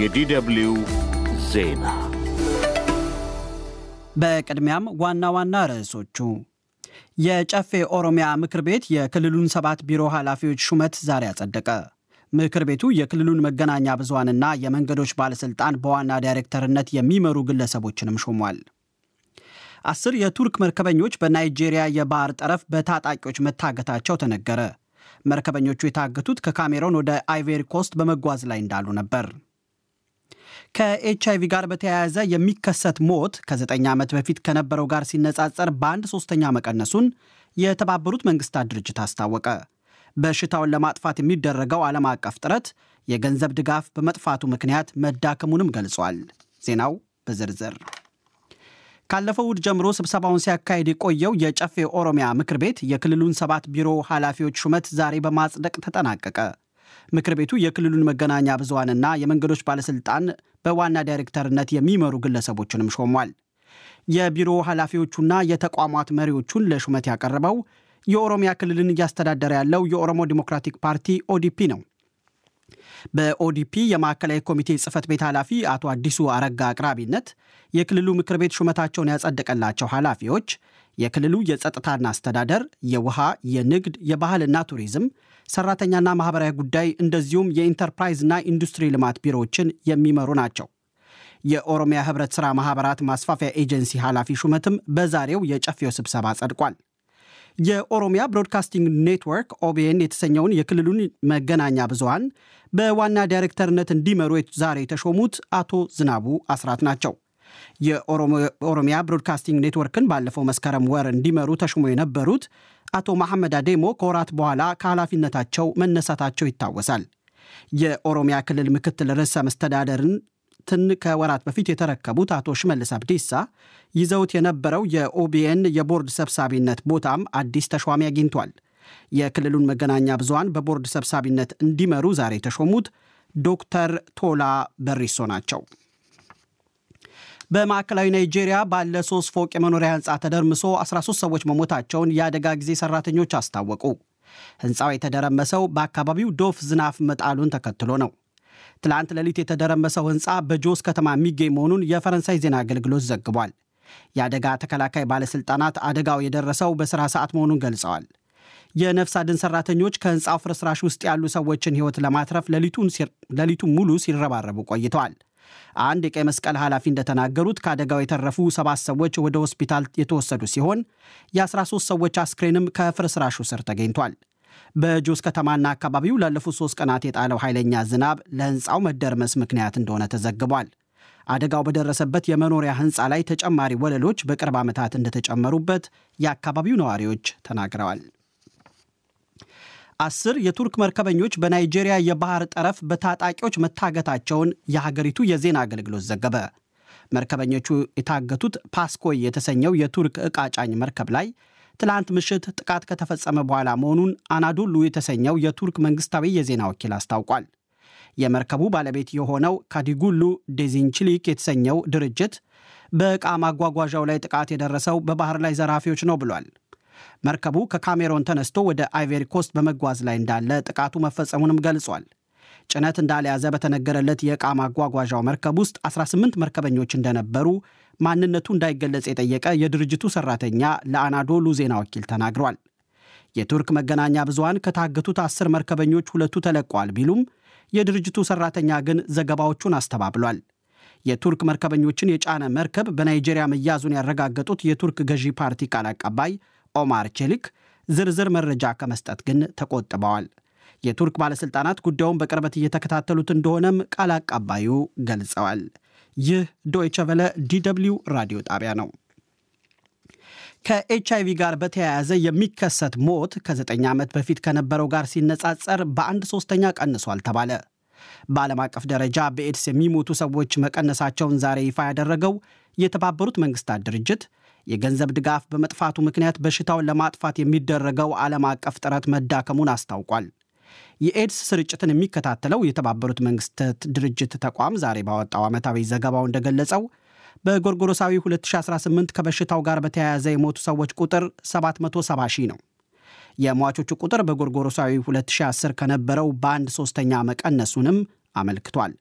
የዲደብሊው ዜና በቅድሚያም ዋና ዋና ርዕሶቹ የጨፌ ኦሮሚያ ምክር ቤት የክልሉን ሰባት ቢሮ ኃላፊዎች ሹመት ዛሬ አጸደቀ። ምክር ቤቱ የክልሉን መገናኛ ብዙሃንና የመንገዶች ባለሥልጣን በዋና ዳይሬክተርነት የሚመሩ ግለሰቦችንም ሾሟል። አስር የቱርክ መርከበኞች በናይጄሪያ የባህር ጠረፍ በታጣቂዎች መታገታቸው ተነገረ። መርከበኞቹ የታገቱት ከካሜሮን ወደ አይቬሪ ኮስት በመጓዝ ላይ እንዳሉ ነበር። ከኤች አይቪ ጋር በተያያዘ የሚከሰት ሞት ከዘጠኝ ዓመት በፊት ከነበረው ጋር ሲነጻጸር በአንድ ሶስተኛ መቀነሱን የተባበሩት መንግስታት ድርጅት አስታወቀ። በሽታውን ለማጥፋት የሚደረገው ዓለም አቀፍ ጥረት የገንዘብ ድጋፍ በመጥፋቱ ምክንያት መዳከሙንም ገልጿል። ዜናው በዝርዝር ካለፈው እሁድ ጀምሮ ስብሰባውን ሲያካሄድ የቆየው የጨፌ ኦሮሚያ ምክር ቤት የክልሉን ሰባት ቢሮ ኃላፊዎች ሹመት ዛሬ በማጽደቅ ተጠናቀቀ። ምክር ቤቱ የክልሉን መገናኛ ብዙሃንና የመንገዶች ባለስልጣን በዋና ዳይሬክተርነት የሚመሩ ግለሰቦችንም ሾሟል። የቢሮ ኃላፊዎቹና የተቋማት መሪዎቹን ለሹመት ያቀረበው የኦሮሚያ ክልልን እያስተዳደረ ያለው የኦሮሞ ዲሞክራቲክ ፓርቲ ኦዲፒ ነው። በኦዲፒ የማዕከላዊ ኮሚቴ ጽህፈት ቤት ኃላፊ አቶ አዲሱ አረጋ አቅራቢነት የክልሉ ምክር ቤት ሹመታቸውን ያጸደቀላቸው ኃላፊዎች የክልሉ የጸጥታና አስተዳደር፣ የውሃ፣ የንግድ፣ የባህልና ቱሪዝም፣ ሰራተኛና ማህበራዊ ጉዳይ እንደዚሁም የኢንተርፕራይዝና ኢንዱስትሪ ልማት ቢሮዎችን የሚመሩ ናቸው። የኦሮሚያ ህብረት ሥራ ማኅበራት ማስፋፊያ ኤጀንሲ ኃላፊ ሹመትም በዛሬው የጨፌው ስብሰባ ጸድቋል። የኦሮሚያ ብሮድካስቲንግ ኔትወርክ ኦቢኤን የተሰኘውን የክልሉን መገናኛ ብዙሃን በዋና ዳይሬክተርነት እንዲመሩ ዛሬ የተሾሙት አቶ ዝናቡ አስራት ናቸው። የኦሮሚያ ብሮድካስቲንግ ኔትወርክን ባለፈው መስከረም ወር እንዲመሩ ተሾሞ የነበሩት አቶ መሐመድ አዴሞ ከወራት በኋላ ከኃላፊነታቸው መነሳታቸው ይታወሳል። የኦሮሚያ ክልል ምክትል ርዕሰ መስተዳደርን ትን ከወራት በፊት የተረከቡት አቶ ሽመልስ አብዲሳ ይዘውት የነበረው የኦቢኤን የቦርድ ሰብሳቢነት ቦታም አዲስ ተሿሚ አግኝቷል። የክልሉን መገናኛ ብዙሃን በቦርድ ሰብሳቢነት እንዲመሩ ዛሬ የተሾሙት ዶክተር ቶላ በሪሶ ናቸው። በማዕከላዊ ናይጄሪያ ባለ ሶስት ፎቅ የመኖሪያ ህንፃ ተደርምሶ 13 ሰዎች መሞታቸውን የአደጋ ጊዜ ሰራተኞች አስታወቁ። ህንፃው የተደረመሰው በአካባቢው ዶፍ ዝናፍ መጣሉን ተከትሎ ነው። ትላንት ሌሊት የተደረመሰው ህንፃ በጆስ ከተማ የሚገኝ መሆኑን የፈረንሳይ ዜና አገልግሎት ዘግቧል። የአደጋ ተከላካይ ባለሥልጣናት አደጋው የደረሰው በሥራ ሰዓት መሆኑን ገልጸዋል። የነፍስ አድን ሠራተኞች ከህንፃው ፍርስራሽ ውስጥ ያሉ ሰዎችን ሕይወት ለማትረፍ ሌሊቱን ሙሉ ሲረባረቡ ቆይተዋል። አንድ የቀይ መስቀል ኃላፊ እንደተናገሩት ከአደጋው የተረፉ ሰባት ሰዎች ወደ ሆስፒታል የተወሰዱ ሲሆን የ13 ሰዎች አስክሬንም ከፍርስራሹ ስር ተገኝቷል። በጆስ ከተማና አካባቢው ላለፉት ሶስት ቀናት የጣለው ኃይለኛ ዝናብ ለህንፃው መደርመስ ምክንያት እንደሆነ ተዘግቧል። አደጋው በደረሰበት የመኖሪያ ህንፃ ላይ ተጨማሪ ወለሎች በቅርብ ዓመታት እንደተጨመሩበት የአካባቢው ነዋሪዎች ተናግረዋል። አስር የቱርክ መርከበኞች በናይጄሪያ የባህር ጠረፍ በታጣቂዎች መታገታቸውን የሀገሪቱ የዜና አገልግሎት ዘገበ። መርከበኞቹ የታገቱት ፓስኮይ የተሰኘው የቱርክ ዕቃ ጫኝ መርከብ ላይ ትላንት ምሽት ጥቃት ከተፈጸመ በኋላ መሆኑን አናዶሉ የተሰኘው የቱርክ መንግስታዊ የዜና ወኪል አስታውቋል። የመርከቡ ባለቤት የሆነው ካዲጉሉ ዴዚንችሊክ የተሰኘው ድርጅት በዕቃ ማጓጓዣው ላይ ጥቃት የደረሰው በባህር ላይ ዘራፊዎች ነው ብሏል። መርከቡ ከካሜሮን ተነስቶ ወደ አይቬሪ ኮስት በመጓዝ ላይ እንዳለ ጥቃቱ መፈጸሙንም ገልጿል። ጭነት እንዳልያዘ በተነገረለት የዕቃ ማጓጓዣው መርከብ ውስጥ 18 መርከበኞች እንደነበሩ ማንነቱ እንዳይገለጽ የጠየቀ የድርጅቱ ሠራተኛ ለአናዶሉ ዜና ወኪል ተናግሯል። የቱርክ መገናኛ ብዙሃን ከታገቱት አስር መርከበኞች ሁለቱ ተለቋል ቢሉም የድርጅቱ ሠራተኛ ግን ዘገባዎቹን አስተባብሏል። የቱርክ መርከበኞችን የጫነ መርከብ በናይጄሪያ መያዙን ያረጋገጡት የቱርክ ገዢ ፓርቲ ቃል አቀባይ ኦማር ቼሊክ ዝርዝር መረጃ ከመስጠት ግን ተቆጥበዋል። የቱርክ ባለሥልጣናት ጉዳዩን በቅርበት እየተከታተሉት እንደሆነም ቃል አቀባዩ ገልጸዋል። ይህ ዶይቸ ቨለ ዲደብሊው ራዲዮ ጣቢያ ነው። አይቪ ጋር በተያያዘ የሚከሰት ሞት ከዘጠኝ ዓመት በፊት ከነበረው ጋር ሲነጻጸር በአንድ ሶስተኛ ቀንሷል ተባለ። በዓለም አቀፍ ደረጃ በኤድስ የሚሞቱ ሰዎች መቀነሳቸውን ዛሬ ይፋ ያደረገው የተባበሩት መንግስታት ድርጅት የገንዘብ ድጋፍ በመጥፋቱ ምክንያት በሽታውን ለማጥፋት የሚደረገው ዓለም አቀፍ ጥረት መዳከሙን አስታውቋል። የኤድስ ስርጭትን የሚከታተለው የተባበሩት መንግስታት ድርጅት ተቋም ዛሬ ባወጣው ዓመታዊ ዘገባው እንደገለጸው በጎርጎሮሳዊ 2018 ከበሽታው ጋር በተያያዘ የሞቱ ሰዎች ቁጥር 770 ሺህ ነው። የሟቾቹ ቁጥር በጎርጎሮሳዊ 2010 ከነበረው በአንድ ሶስተኛ መቀነሱንም አመልክቷል።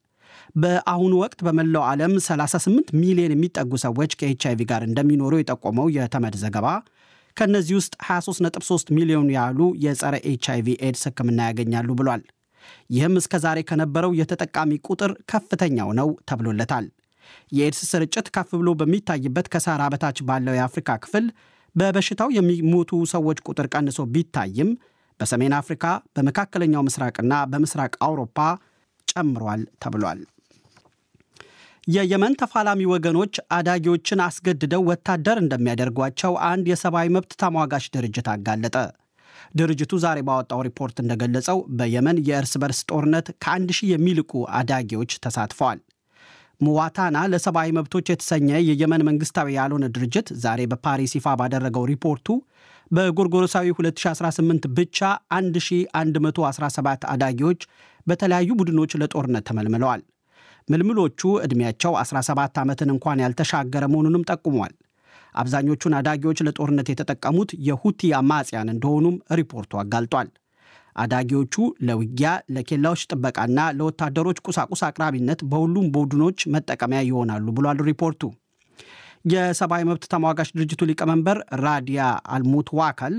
በአሁኑ ወቅት በመላው ዓለም 38 ሚሊዮን የሚጠጉ ሰዎች ከኤች አይቪ ጋር እንደሚኖሩ የጠቆመው የተመድ ዘገባ ከእነዚህ ውስጥ 23.3 ሚሊዮን ያሉ የጸረ ኤች አይቪ ኤድስ ህክምና ያገኛሉ ብሏል። ይህም እስከ ዛሬ ከነበረው የተጠቃሚ ቁጥር ከፍተኛው ነው ተብሎለታል። የኤድስ ስርጭት ከፍ ብሎ በሚታይበት ከሳራ በታች ባለው የአፍሪካ ክፍል በበሽታው የሚሞቱ ሰዎች ቁጥር ቀንሶ ቢታይም በሰሜን አፍሪካ፣ በመካከለኛው ምስራቅና በምስራቅ አውሮፓ ጨምሯል ተብሏል። የየመን ተፋላሚ ወገኖች አዳጊዎችን አስገድደው ወታደር እንደሚያደርጓቸው አንድ የሰብአዊ መብት ተሟጋች ድርጅት አጋለጠ። ድርጅቱ ዛሬ ባወጣው ሪፖርት እንደገለጸው በየመን የእርስ በርስ ጦርነት ከአንድ ሺህ የሚልቁ አዳጊዎች ተሳትፈዋል። ሙዋታና ለሰብአዊ መብቶች የተሰኘ የየመን መንግስታዊ ያልሆነ ድርጅት ዛሬ በፓሪስ ይፋ ባደረገው ሪፖርቱ በጎርጎሮሳዊ 2018 ብቻ 1117 አዳጊዎች በተለያዩ ቡድኖች ለጦርነት ተመልምለዋል። ምልምሎቹ ዕድሜያቸው 17 ዓመትን እንኳን ያልተሻገረ መሆኑንም ጠቁሟል። አብዛኞቹን አዳጊዎች ለጦርነት የተጠቀሙት የሁቲ አማጽያን እንደሆኑም ሪፖርቱ አጋልጧል። አዳጊዎቹ ለውጊያ፣ ለኬላዎች ጥበቃና ለወታደሮች ቁሳቁስ አቅራቢነት በሁሉም ቡድኖች መጠቀሚያ ይሆናሉ ብሏል ሪፖርቱ። የሰብአዊ መብት ተሟጋች ድርጅቱ ሊቀመንበር ራዲያ አልሙት ዋካል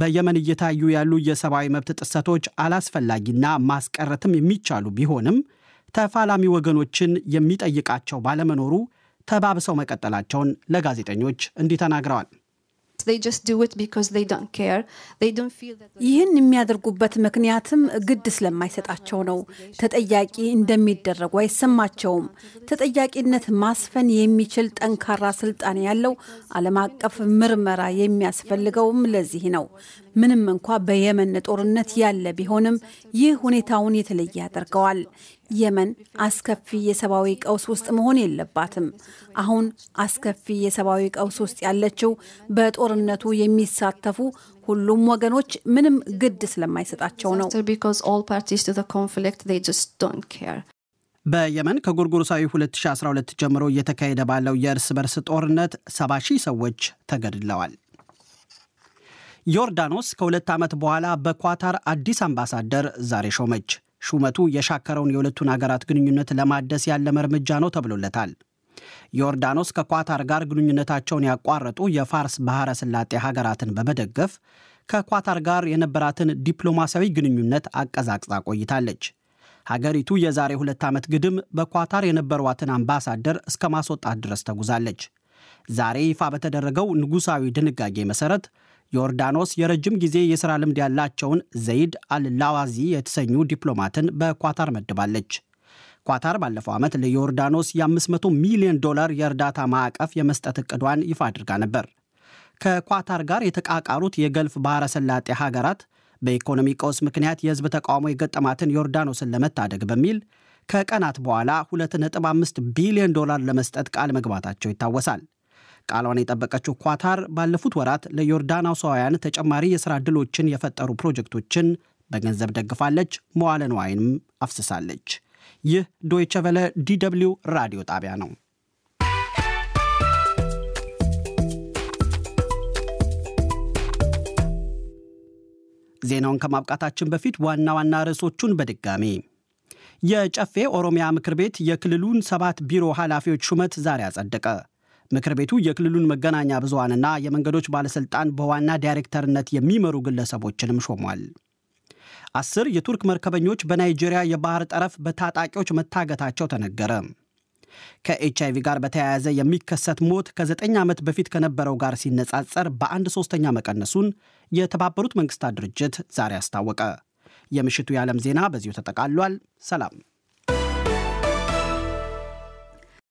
በየመን እየታዩ ያሉ የሰብአዊ መብት ጥሰቶች አላስፈላጊና ማስቀረትም የሚቻሉ ቢሆንም ተፋላሚ ወገኖችን የሚጠይቃቸው ባለመኖሩ ተባብሰው መቀጠላቸውን ለጋዜጠኞች እንዲህ ተናግረዋል። ይህን የሚያደርጉበት ምክንያትም ግድ ስለማይሰጣቸው ነው። ተጠያቂ እንደሚደረጉ አይሰማቸውም። ተጠያቂነት ማስፈን የሚችል ጠንካራ ስልጣን ያለው ዓለም አቀፍ ምርመራ የሚያስፈልገውም ለዚህ ነው። ምንም እንኳ በየመን ጦርነት ያለ ቢሆንም ይህ ሁኔታውን የተለየ ያደርገዋል። የመን አስከፊ የሰብአዊ ቀውስ ውስጥ መሆን የለባትም። አሁን አስከፊ የሰብአዊ ቀውስ ውስጥ ያለችው በጦርነቱ የሚሳተፉ ሁሉም ወገኖች ምንም ግድ ስለማይሰጣቸው ነው። በየመን ከጎርጎሮሳዊ 2012 ጀምሮ እየተካሄደ ባለው የእርስ በርስ ጦርነት 70 ሺህ ሰዎች ተገድለዋል። ዮርዳኖስ ከሁለት ዓመት በኋላ በኳታር አዲስ አምባሳደር ዛሬ ሾመች። ሹመቱ የሻከረውን የሁለቱን አገራት ግንኙነት ለማደስ ያለመ እርምጃ ነው ተብሎለታል። ዮርዳኖስ ከኳታር ጋር ግንኙነታቸውን ያቋረጡ የፋርስ ባሕረ ስላጤ ሀገራትን በመደገፍ ከኳታር ጋር የነበራትን ዲፕሎማሲያዊ ግንኙነት አቀዛቅዛ ቆይታለች። ሀገሪቱ የዛሬ ሁለት ዓመት ግድም በኳታር የነበሯትን አምባሳደር እስከ ማስወጣት ድረስ ተጉዛለች። ዛሬ ይፋ በተደረገው ንጉሳዊ ድንጋጌ መሠረት ዮርዳኖስ የረጅም ጊዜ የሥራ ልምድ ያላቸውን ዘይድ አልላዋዚ የተሰኙ ዲፕሎማትን በኳታር መድባለች። ኳታር ባለፈው ዓመት ለዮርዳኖስ የ500 ሚሊዮን ዶላር የእርዳታ ማዕቀፍ የመስጠት እቅዷን ይፋ አድርጋ ነበር። ከኳታር ጋር የተቃቃሩት የገልፍ ባሕረ ሰላጤ ሀገራት በኢኮኖሚ ቀውስ ምክንያት የሕዝብ ተቃውሞ የገጠማትን ዮርዳኖስን ለመታደግ በሚል ከቀናት በኋላ 2.5 ቢሊዮን ዶላር ለመስጠት ቃል መግባታቸው ይታወሳል። ቃሏን የጠበቀችው ኳታር ባለፉት ወራት ለዮርዳናውሳውያን ተጨማሪ የሥራ ድሎችን የፈጠሩ ፕሮጀክቶችን በገንዘብ ደግፋለች፣ መዋለ ንዋይንም አፍስሳለች። ይህ ዶይቸ ቨለ ራዲዮ ጣቢያ ነው። ዜናውን ከማብቃታችን በፊት ዋና ዋና ርዕሶቹን በድጋሚ የጨፌ ኦሮሚያ ምክር ቤት የክልሉን ሰባት ቢሮ ኃላፊዎች ሹመት ዛሬ አጸደቀ። ምክር ቤቱ የክልሉን መገናኛ ብዙሃንና የመንገዶች ባለሥልጣን በዋና ዳይሬክተርነት የሚመሩ ግለሰቦችንም ሾሟል። አስር የቱርክ መርከበኞች በናይጄሪያ የባህር ጠረፍ በታጣቂዎች መታገታቸው ተነገረ። ከኤችአይቪ ጋር በተያያዘ የሚከሰት ሞት ከዘጠኝ ዓመት በፊት ከነበረው ጋር ሲነጻጸር በአንድ ሦስተኛ መቀነሱን የተባበሩት መንግሥታት ድርጅት ዛሬ አስታወቀ። የምሽቱ የዓለም ዜና በዚሁ ተጠቃሏል። ሰላም።